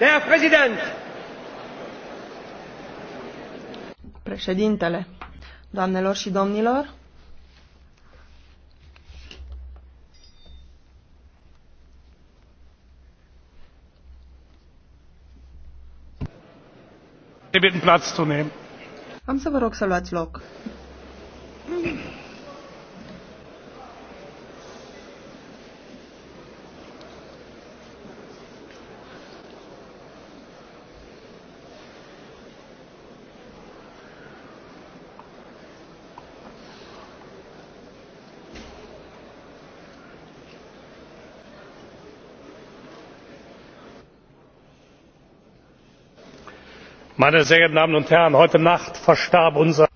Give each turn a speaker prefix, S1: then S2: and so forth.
S1: Der Präsident! Președintele, doamnelor și domnilor,
S2: Am să vă rog să luați loc.
S3: meine sehr geehrten damen und herren! heute nacht verstarb unser